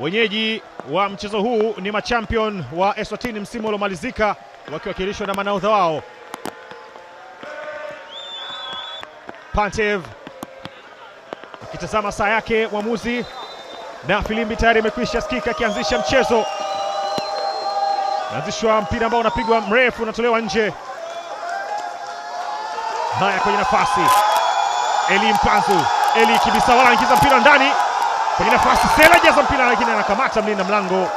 Wenyeji wa mchezo huu ni machampion wa Eswatini msimu uliomalizika wakiwakilishwa na manaudha wao. Pantev akitazama saa yake mwamuzi, na filimbi tayari imekwisha sikika akianzisha mchezo. Anzishwa mpira ambao unapigwa mrefu, unatolewa nje. Haya, kwenye nafasi Eli Mpanzu, Eli Kibisa wala mpira ndani kwenye nafasi Sela jaza mpira lakini anakamata mlinda mlango.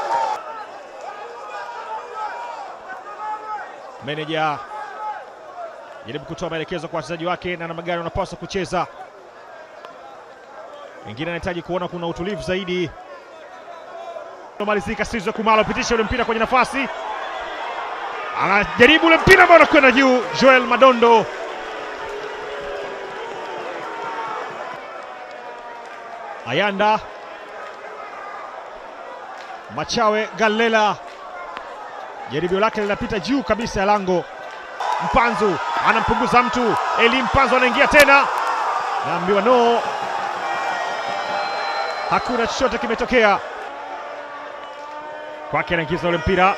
Meneja jaribu kutoa maelekezo kwa wachezaji wake, na gani wanapaswa kucheza. Wengine anahitaji kuona kuna utulivu zaidi. Malizika Sizwe Kumalo pitisha ule mpira kwenye nafasi, anajaribu ule mpira ambao anakwenda juu. Joel Madondo Ayanda, Machawe, Gallela, jaribio lake linapita juu kabisa ya lango. Mpanzu anampunguza mtu, Eli Mpanzu anaingia tena, naambiwa no, hakuna chochote kimetokea kwake. Anaingiza ule mpira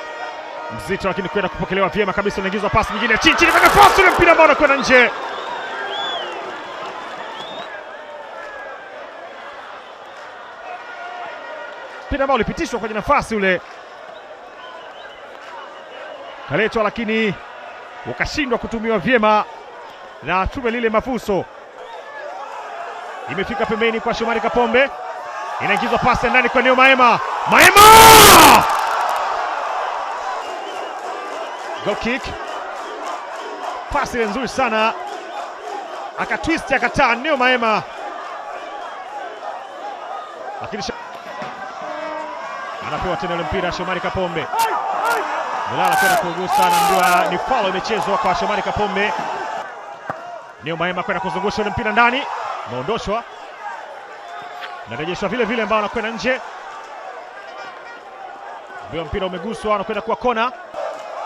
mzito, lakini kwenda kupokelewa vyema kabisa, anaingizwa pasi nyingine chini chini, kwenye pasi ule mpira ambao anakwenda nje. mpira ambao ulipitishwa kwenye nafasi ule, kaletwa lakini ukashindwa kutumiwa vyema na tume lile Mafuso. Imefika pembeni kwa Shomari Kapombe, inaingizwa pasi ndani kwa Neo Maema. Maema goal kick, pasi ile nzuri sana, akatwist akataa Neo Maema lakini anapewa tena ile mpira Shomari Kapombe, Mlala kwenda kugusa, anamjua ni faulo imechezwa kwa Shomari Kapombe. Ni Maema kwenda kuzungusha ile mpira ndani, maondoshwa narejeshwa vile vile, ambao anakwenda nje ndio mpira umeguswa, anakwenda kuwa kona.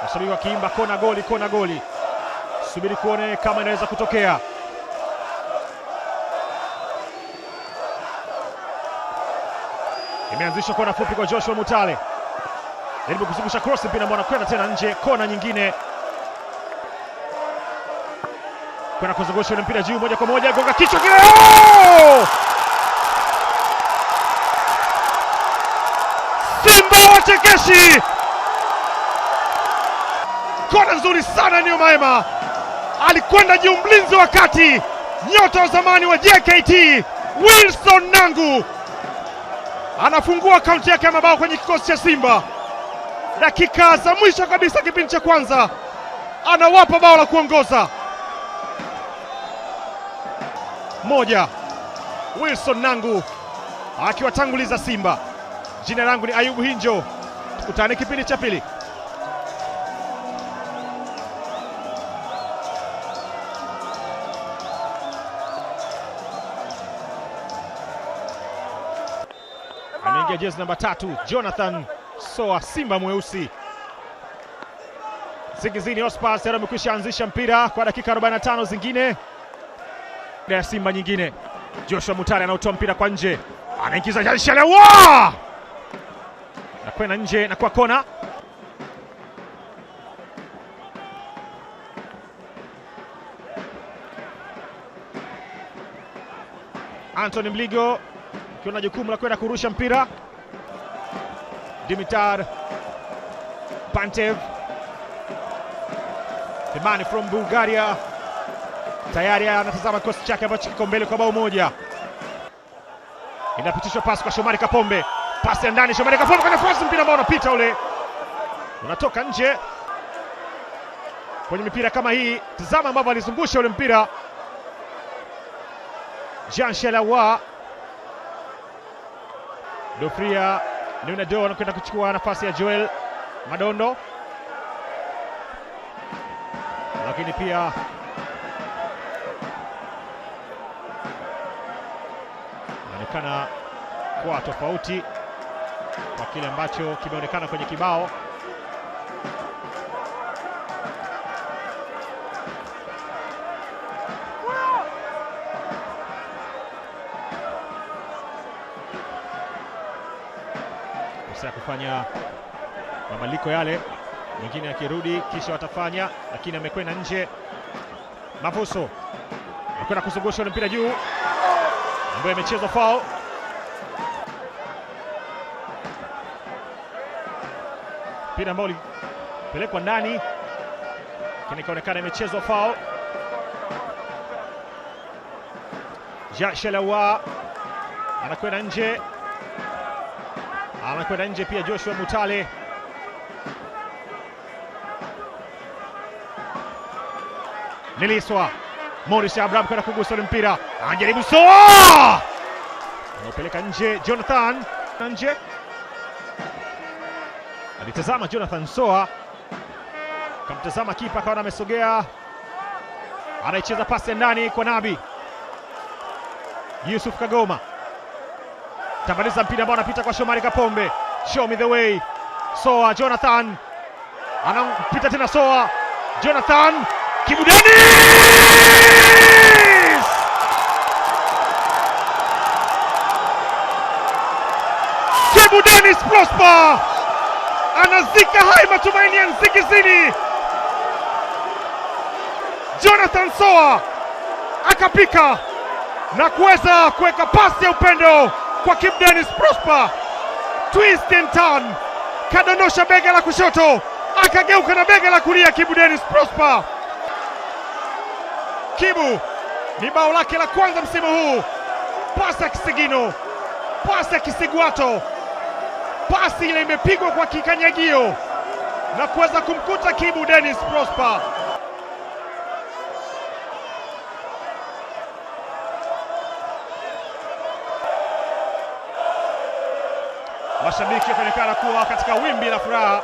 Mashabiki wakiimba kona goli, kona goli. Subiri kuone kama inaweza kutokea. imeanzishwa kona fupi kwa Joshua Mutale, jaribu kuzungusha cross, mpira ambao anakwenda tena nje. Kona nyingine kwenda kuzungusha ule mpira juu moja kwa moja, gonga kichwa kile. Simba wachekeshi, kona nzuri sana niyo Maema alikwenda juu, mlinzi wa kati, nyota wa zamani wa JKT Wilson Nangu anafungua kaunti yake ya mabao kwenye kikosi cha Simba. Dakika za mwisho kabisa kipindi cha kwanza, anawapa bao la kuongoza moja. Wilson Nangu akiwatanguliza Simba. Jina langu ni Ayubu Hinjo, tukutane kipindi cha pili. kuingia jezi namba tatu Jonathan Soa, Simba mweusi. Zigizini Ospas tayari amekwisha anzisha mpira kwa dakika 45 zingine ya Simba nyingine. Joshua Mutale anautoa mpira kwa nje, anaingiza Jalshalewa na kwenda nje na kwa kona Anthony Mligo akiwa na jukumu la kwenda kurusha mpira. Dimitar Pantev, the from Bulgaria, tayari anatazama kikosi chake ambacho kiko mbele kwa bao moja. Inapitishwa pasi kwa Shomari Kapombe, pasi ya ndani. Shomari Kapombe kwa nafasi, mpira ambao unapita ule unatoka nje. Kwenye mipira kama hii, tazama ambavyo alizungusha ule mpira Jean Shelawa. Dofria Nunado anakwenda kuchukua nafasi ya Joel Madondo, lakini pia inaonekana kuwa tofauti kwa kile ambacho kimeonekana kwenye kibao. fursa ya kufanya mabadiliko yale, mwingine akirudi kisha watafanya, lakini amekwenda nje. Mavuso amekwenda kuzungusha ule mpira juu, ambayo imechezwa fao Mpira ambao ulipelekwa ndani, lakini ikaonekana imechezwa fao Jashelawa anakwenda nje. Amako NJP e Joshua Muciali. Niliswa. Morris Abraham kwenda kugusa mpira, anajaribu soa, anaupeleka nje. Jonathan nje, alitazama Jonathan Soa, kamtazama kipa, kaona amesogea, anaicheza pasi ya ndani kwa Nabi Yusuf Kagoma. Tambaliza mpira ambao anapita kwa Shomari Kapombe. Show me the way. Soa Jonathan anapita tena Soa Jonathan kibu denis Prosper anazika hai matumaini ya Nsingizini. Jonathan Soa akapika na kuweza kuweka pasi ya upendo kwa Kibu Denis Prosper, twist and turn, kadondosha bega la kushoto akageuka na bega la kulia. Kibu Denis Prosper, Kibu ni bao lake la kwanza msimu huu. Pasi ya kisigino, pasi ya kisigwato, pasi ile imepigwa kwa kikanyagio na kuweza kumkuta Kibu Denis Prosper. mashabiki wakaonekana kuwa katika wimbi la furaha.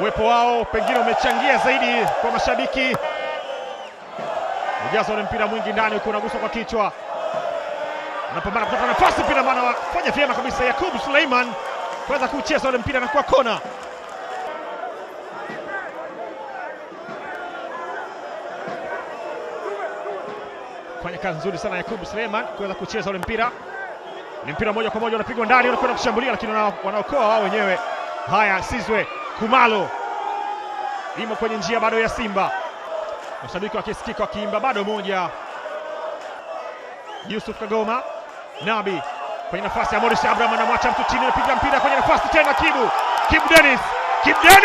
Uwepo wao pengine umechangia zaidi kwa mashabiki. Ujazo ni mpira mwingi ndani, huku unaguswa kwa kichwa, anapambana kutoka nafasi, mpira maana wafanya vyema kabisa Yakubu Suleiman kuweza kucheza ule mpira na kuwa kona fanya kazi nzuri sana Yakubu Suleiman kuweza kucheza ule mpira. Ni mpira moja kwa moja unapigwa ndani, wanakwenda kushambulia, lakini wanaokoa wao wenyewe. Haya, Sizwe Kumalo imo kwenye njia bado ya Simba, mashabiki wakisikika wakiimba bado moja. Yusuf Kagoma Nabi kwenye nafasi ya Morris Abraham anamwacha mtu chini, anapiga mpira kwenye nafasi tena, Kibu Kibu Dennis Kibu Dennis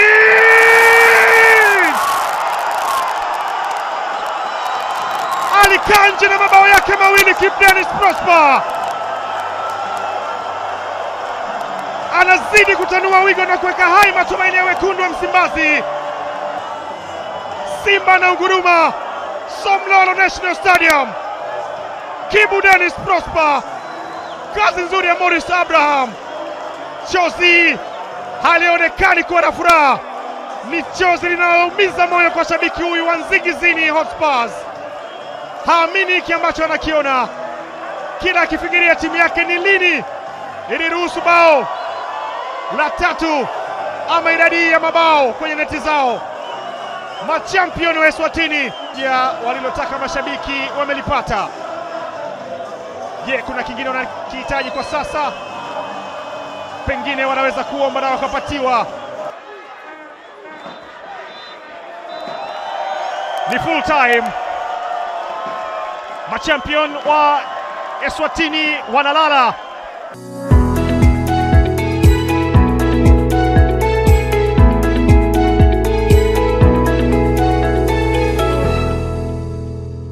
alikanje na mabao yake mawili, Kibu Dennis Prosper anazidi kutanua wigo na kuweka hai matumaini ya wekundu wa Msimbazi. Simba na unguruma Somlolo National Stadium. Kibu Dennis Prosper, kazi nzuri ya Morris Abraham. Chozi halionekani kuwa na furaha, ni chozi linaloumiza moyo kwa shabiki huyu wa Nsingizini Hotspurs. Haamini hiki ambacho anakiona, kila akifikiria timu yake ni lini iliruhusu bao la tatu ama idadi ya mabao kwenye neti zao. Machampioni wa Eswatini ya walilotaka mashabiki wamelipata. Je, kuna kingine wanakihitaji kwa sasa? Pengine wanaweza kuomba na wakapatiwa. Ni full time. Machampion wa Eswatini wanalala.